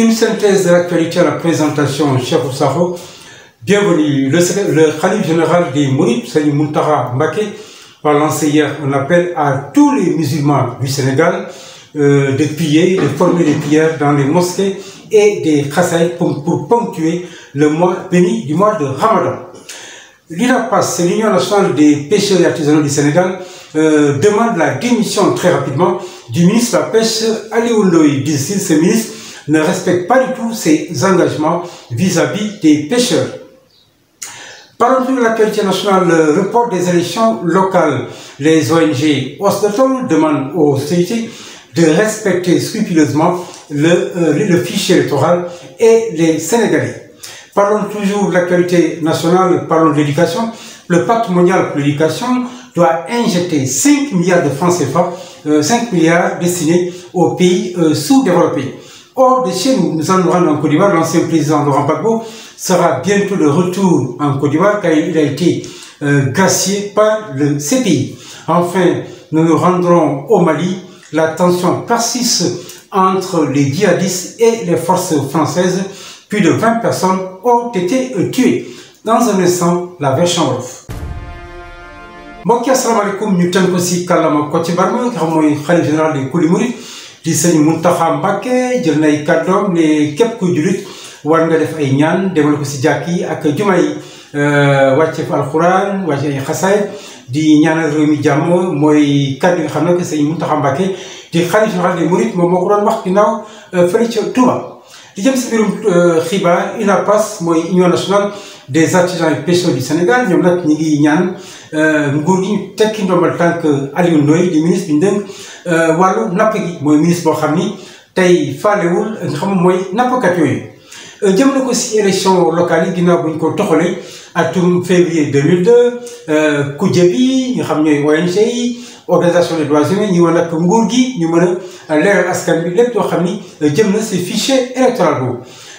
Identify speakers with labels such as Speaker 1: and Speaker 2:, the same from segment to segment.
Speaker 1: Une synthèse de l'actualité à la présentation, cher Oussaro. Bienvenue. Le, le Khalif général des Mourides, Seigneur Muntara Mbake, a lancé hier appel à tous les musulmans du Sénégal euh, de piller, de former des prières dans les mosquées et des khasaïs pour, ponctuer le mois béni du mois de Ramadan. L'INAPAS, l'Union nationale des pêcheurs et artisanaux du Sénégal, euh, demande la démission très rapidement du ministre la Pêche, Aliou Ndoye. D'ici, ce ministre ne respecte pas du tout ses engagements vis-à-vis -vis des pêcheurs. Parlons de l'actualité nationale, le report des élections locales. Les ONG Ostotol demandent aux autorités de respecter scrupuleusement le, euh, le, fichier électoral et les Sénégalais. Parlons toujours de l'actualité nationale, parlons de l'éducation. Le pacte mondial pour l'éducation doit injecter milliards de francs CFA, euh, 5 milliards destinés aux pays euh, sous-développés. hors de chez nous. Nous allons nous rendre en Côte d'Ivoire. L'ancien président Laurent Gbagbo sera bientôt de retour en Côte d'Ivoire car il a été euh, par le CPI. Enfin, nous nous rendrons au Mali. La tension persiste entre les djihadistes et les forces françaises. Plus de 20 personnes ont été tuées. Dans un instant, la version off. mbokk yi asalaamaaleykum ñu tënk ko si di sëñ Mountakha Mbacké jël nay kàddoom ne képp kuy jullit war nga def ay ñaan demal ko si jàkk yi ak juma yi euh, wàcce fa alxuraan wàcce ay xasaay di ñaanal réew mi jàmm mooy kàddu nga xam ne sëñ Mountakha Mbacké di xalifa xam ne murit moom moo ko doon wax ginnaaw euh, fële ca Touba di jëm si mbirum euh, xibaar UNAPAS mooy union nationale des artisans et pêcheurs du Sénégal ñoom nag ñi ngi ñaan euh, nguur gi ñu tekki ndombal tànk Aliou Ndoye di ministre bi ñu euh, wàllu napp gi mooy ministre boo xam ni tey faalewul nga xam mooy nappkat yooyu. jëm na ko si élection local yi ginnaaw bu ñu ko toxalee atum février 2002 kuje bi nga xam ñooy ONG yi. organisation des droits humains ñu mën ak nguur gi ñu mën a leeral askan bi lépp yoo xam ni jëm na si fichier électoral boobu.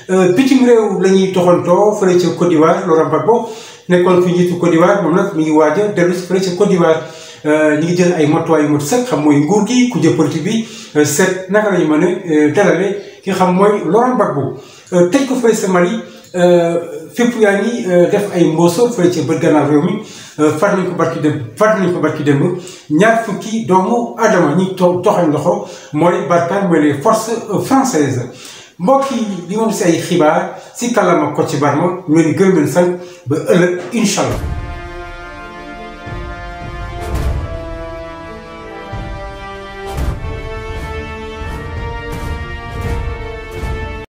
Speaker 1: Euh, bitim réew la ñuy toxantoo fële ca Côte d'Ivoire Laurent Gbagbo nekkoon fi njiitu Côte d'Ivoire moom nag mi ngi waaj a dellu si fële ca Côte d'Ivoire. Euh, ñi ngi jël ay matuwaay yu mot sëkk xam mooy nguur gi ku jël politique bi euh, seet naka la ñu a dalale ki xam mooy Laurent Gbagbo tëj ko fële sa Euh, fépp yaa ngi euh, def ay mbooso fële ci bët gànnaaw réew mi euh, far nañ ko barki dem far nañ ko barki dem ñaar fukki doomu adama ñi to toxañ loxo mooy Barkhane mooy les forces françaises mbokk li moom si ay xibaar si kàllaama Kocc Barma ñu ngi gërëm leen sant ba ëllëg incha allah.